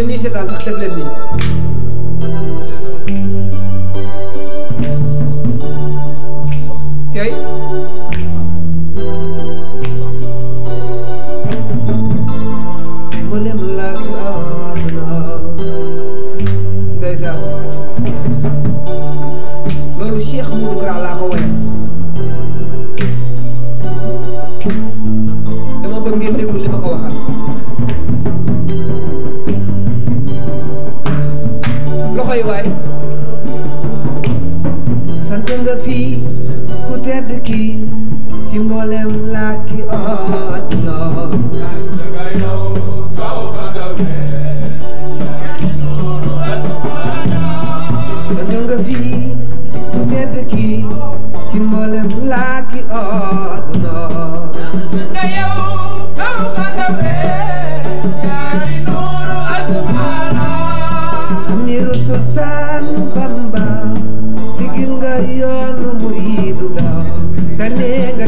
yéen ñiy seetaan sax def Kimolem laki otno Kadunga fi Sultan Bamba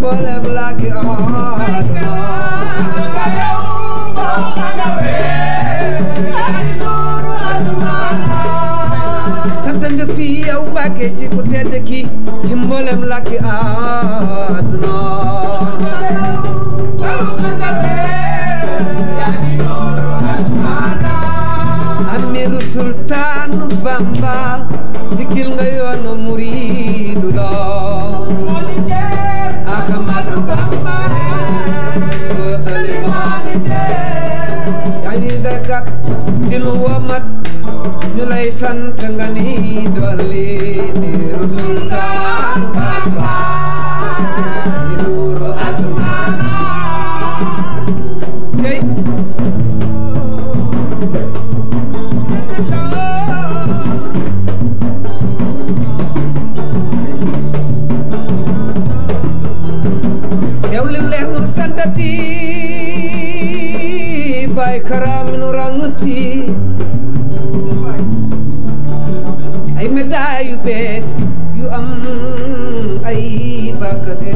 Bola black, oh, oh, oh, oh, màggee ci ku tedd ki ci mboolem làkki àdduna amiru sultaanu bamba sigil nga yoonu muriidu la ಸಂತಂಗನಿ ದೊಲಿ ay médailles yu bees yu am ay bàkkate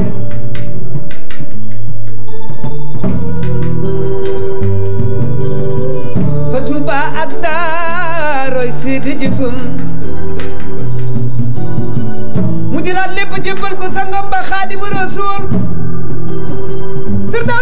fa Tuuba ak daaroy seede jëfam mu jëlaat lépp jëbbal ko sangam ba Xaadimu Rasuul firdaw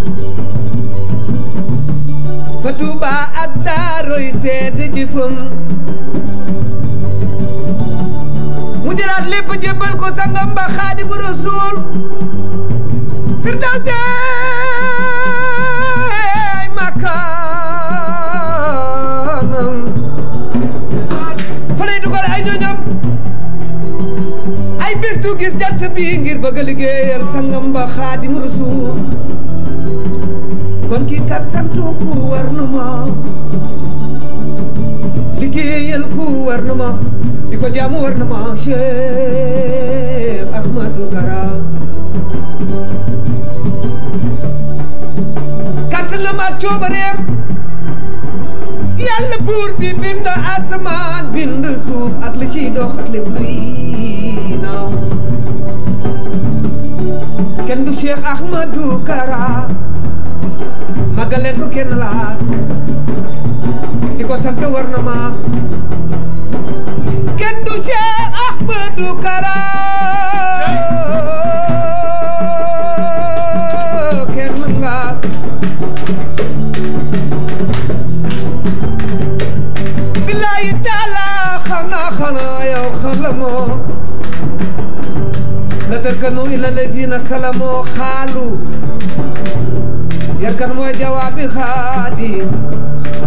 ak daaroy seet jëfam mu jëlaat lépp jébbal ko sangam ba xaadimu rasuul firdaw seey makaanam fa dugal ay ñoñam ay bis gis jant bi ngir bëgg a liggéeyal sangam ba xaadimu kon ki kat santu ku ma liggéeyal ku war na buur bi bind asamaan bind suuf ak li ciy dox ak lépp luy kenn du Cheikh Ahmadou Kara màggal leen ko kenn laa di ko sant war na ma kenn du Cheikh Ahmadou Kara kenn nga billahi taala xanaa xanaa yow xalamoo la tarkanu ila lazina salamoo xaalu yakar mooy jawaabi xaadim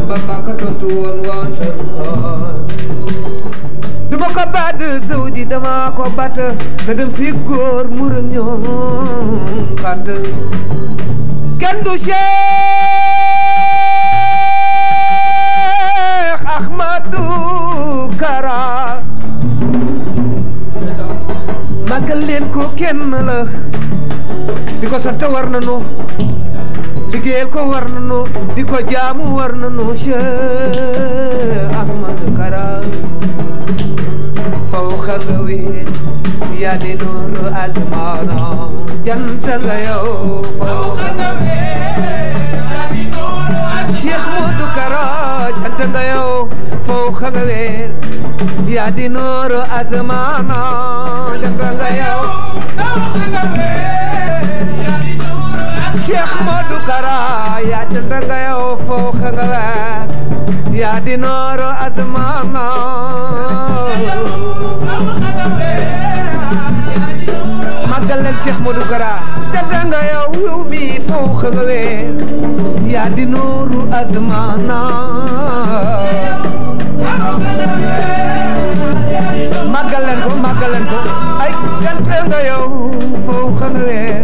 ba mbaka tontu woon woon tan duma ko badd zawji dama ko batt na dem si góor mu rëng ñoom xatt kenn du Cheikh Ahmadou Kara màggal leen ko kenn la di ko sant war nañu liggéeyal ko war nanu di ko jaamu war nanu Cheikh Ahmadou Kara faw xa nga yaa di nuuru asmaana jant nga yow faw xa nga yaa di nuuru asmaana Cheikh nga yow Cheikh Modou Kara yaa canta nga yow fawqa nga weer yaa di nooru asmaana màggal leen Cheikh Modou Kara canta nga yow yow mi fawqa nga weer yaa di nooru asmaana màggal leen ko màggal leen ko ay canta nga yow fawqa nga weer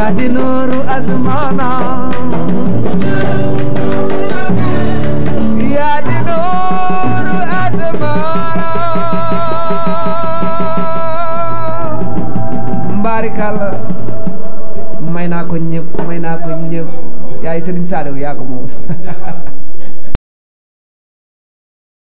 yaa di nuuru asmaana yaa di nuuru asmaana mbaarikàlla may naa ko ñëpp may naa ko ñëpp yaay Sëriñ Saaliw yaa ko moom